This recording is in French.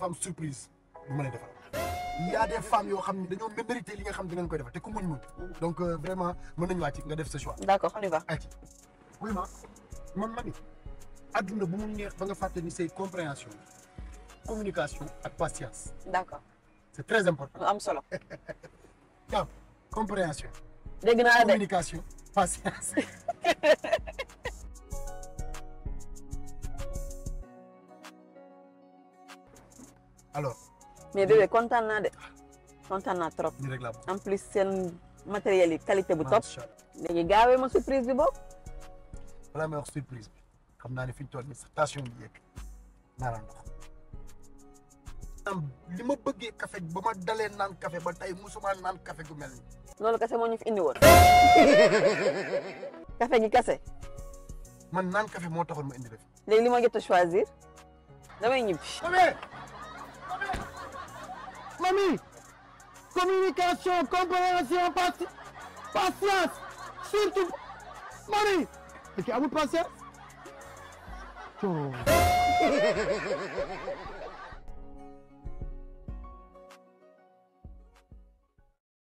femme surprise il y a des femmes qui ont mérité li nga xam Donc, dinañ koy donc euh, vraiment je nañu wàcc nga def ce choix. d'accord on y va. oui ma man mami je bu mu neex ba nga compréhension communication et patience. d'accord c'est très important. am compréhension. communication patience. alors. mais bébé kontaan naa de kontaan naa trop. en plus seen matériel yi qualité bu top. léegi gaawee ma surprise bi boobu. balaa may wax surprise bi xam naa ne fi ñu toll nii station bi yegg naa la ndox. am li ma bëggee café ba ma dalee naan kafe ba tey musuma naan kafe gu mel nii. loolu kese moo ñu fi indi woon. café gi kese. man naan café moo taxoon ma indi def. léegi li ma jot a choisir damay ñibbi. Communication, compréhension, patience. Surtout, Marie. Ok, à vous de patience.